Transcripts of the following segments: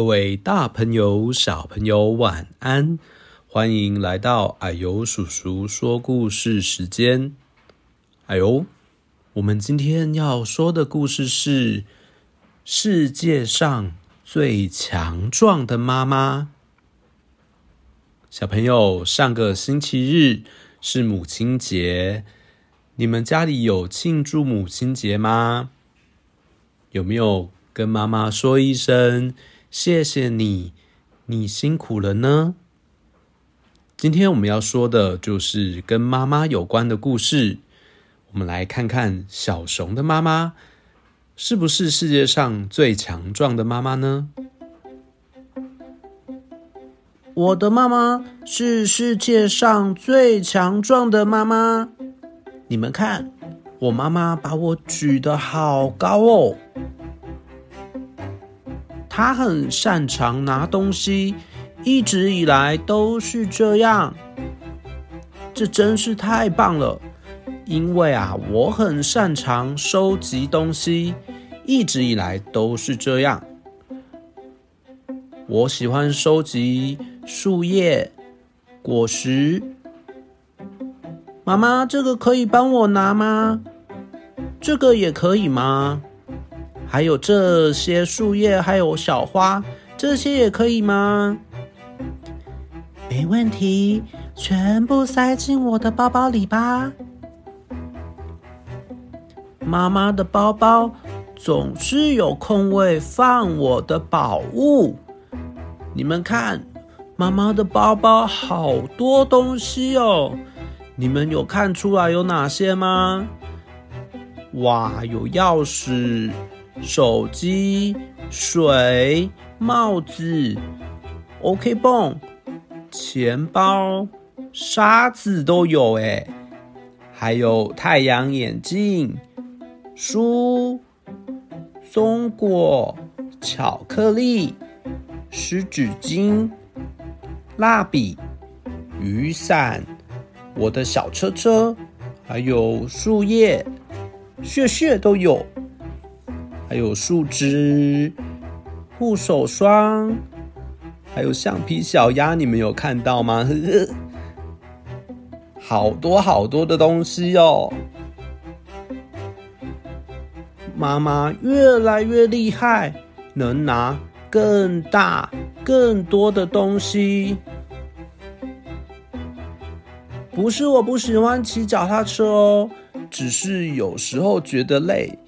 各位大朋友、小朋友，晚安！歡迎來到啊呦叔叔說故事時間。啊呦，我們今天要說的故事是世界上最強壯的媽媽。小朋友，上個星期日是母親節，你們家裡有慶祝母親節嗎？有沒有跟媽媽說一聲？謝謝你，你辛苦了呢。今天我們要說的就是跟媽媽有關的故事。我們來看看小熊的媽媽是不是世界上最強壯的媽媽呢？我的媽媽是世界上最強壯的媽媽。你們看，我媽媽把我舉得好高哦。他很擅長拿東西，一直以來都是這樣。這真是太棒了，因為啊，我很擅長收集東西，一直以來都是這樣。我喜歡收集樹葉、果實。媽媽，這個可以幫我拿嗎？這個也可以嗎？還有這些樹葉，還有小花，這些也可以嗎？沒問題，全部塞進我的包包裡吧。媽媽的包包總是有空位放我的寶物。你們看，媽媽的包包好多東西哦。你們有看出來有哪些嗎？哇，有鑰匙。手機、水、帽子、OK 繃、錢包、沙子都有哎。還有太陽眼鏡、書、松果、巧克力、濕紙巾、蠟筆、雨傘、我的小車車、還有樹葉、屑屑都有。還有樹枝、護手霜，還有橡皮小鴨，你們有看到嗎？ 好多好多的東西哦！媽媽越來越厲害，能拿更大、更多的東西。不是我不喜歡騎腳踏車哦，只是有時候覺得累。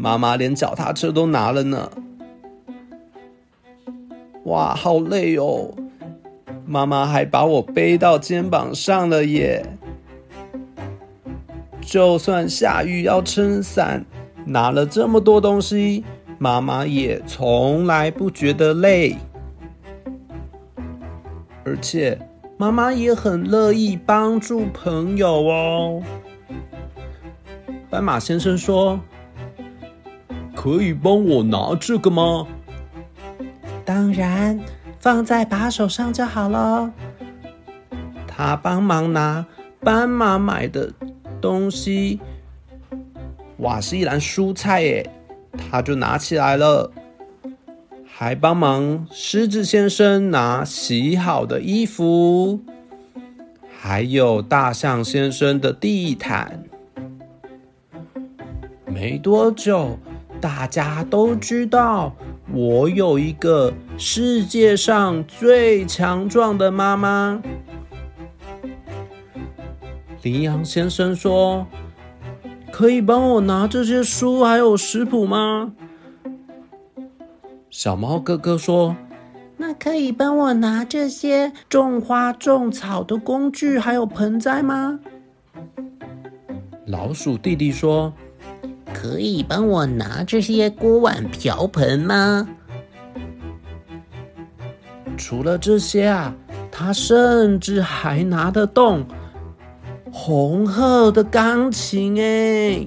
媽媽連腳踏車都拿了呢，哇，好累哦！媽媽還把我背到肩膀上了耶。就算下雨要撐傘，拿了這麼多東西，媽媽也從來不覺得累。而且，媽媽也很樂意幫助朋友哦。斑馬先生說。可以幫我拿這個嗎？當然，放在把手上就好了。他幫忙拿斑馬買的東西，哇，是一籃蔬菜耶！他就拿起來了，還幫忙獅子先生拿洗好的衣服，還有大象先生的地毯。沒多久。大家都知道，我有一個世界上最強壯的媽媽。羚羊先生說：“可以幫我拿這些書，還有食譜嗎？”小貓哥哥說：“那可以幫我拿這些種花種草的工具，還有盆栽嗎？”老鼠弟弟說。可以幫我拿這些鍋碗瓢盆嗎？除了這些啊，他甚至還拿得動紅鶴的鋼琴哎！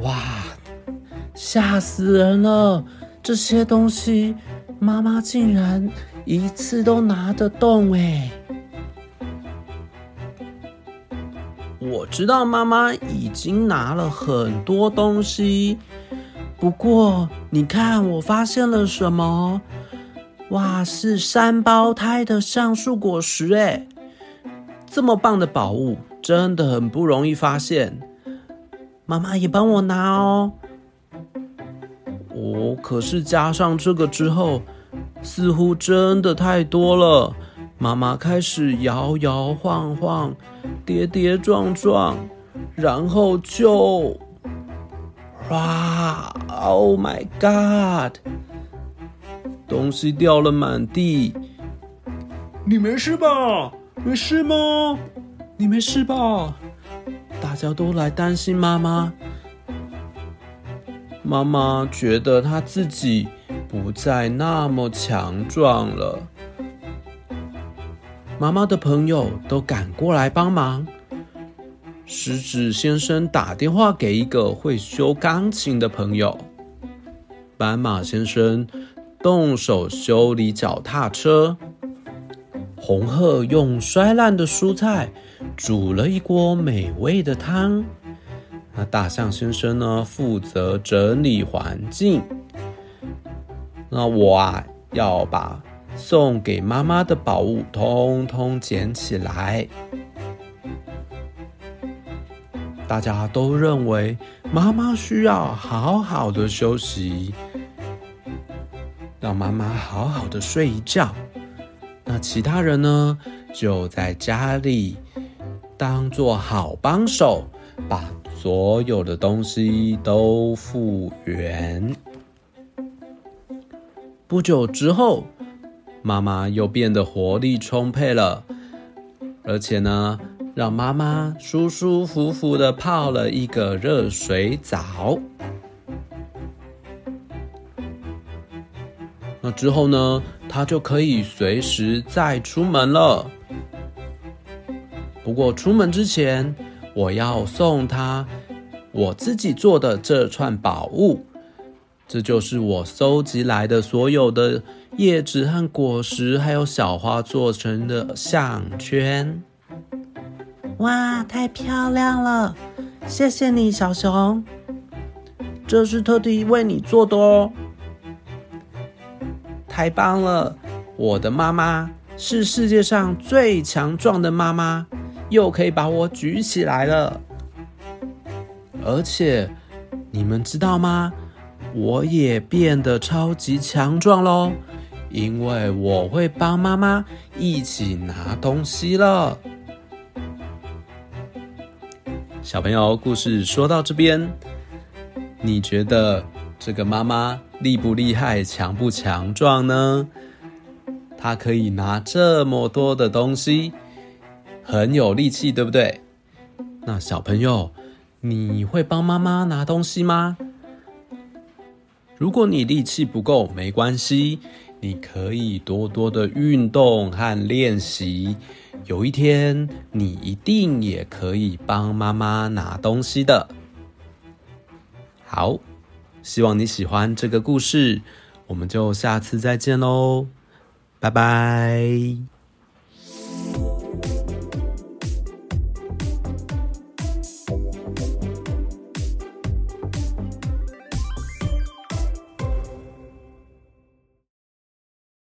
哇，嚇死人了！這些東西，媽媽竟然一次都拿得動哎！我知道媽媽已經拿了很多東西，不過你看我發現了什麼？哇，是三胞胎的橡樹果實耶，這麼棒的寶物，真的很不容易發現。媽媽也幫我拿哦。哦，可是加上這個之後，似乎真的太多了。媽媽開始搖搖晃晃。跌跌撞撞，然後就，哇！Oh my God！東西掉了滿地。你沒事吧？沒事嗎？你沒事吧？大家都來擔心媽媽。媽媽覺得她自己不再那麼強壯了。媽媽的朋友，都趕過來幫忙。獅子先生打電話給一個會修鋼琴的朋友。斑馬先生動手修理腳踏車。紅鶴用摔爛的蔬菜煮了一鍋美味的湯。那大象先生呢？負責整理環境。那我啊，要把。送給媽媽的寶物，通通撿起來。大家都認為媽媽需要好好的休息，讓媽媽好好的睡一覺。那其他人呢，就在家裡當做好幫手，把所有的東西都復原。不久之後。媽媽又變得活力充沛了，而且呢，讓媽媽舒舒服服的泡了一個熱水澡。那之後呢，她就可以隨時再出門了。不過出門之前，我要送她我自己做的這串寶物，這就是我收集來的所有的。葉子和果實，還有小花做成的項圈，哇，太漂亮了！謝謝你，小熊，這是特地為你做的哦。太棒了，我的媽媽是世界上最強壯的媽媽，又可以把我舉起來了。而且，你們知道嗎？我也變得超級強壯嘍！因為我會幫媽媽一起拿東西了。小朋友，故事說到這邊，你覺得這個媽媽厲不厲害、強不強壯呢？她可以拿這麼多的東西，很有力氣，對不對？那小朋友，你會幫媽媽拿東西嗎？如果你力氣不夠，沒關係，你可以多多的運動和練習，有一天你一定也可以幫媽媽拿東西的。好，希望你喜歡這個故事，我們就下次再見嘍，拜拜。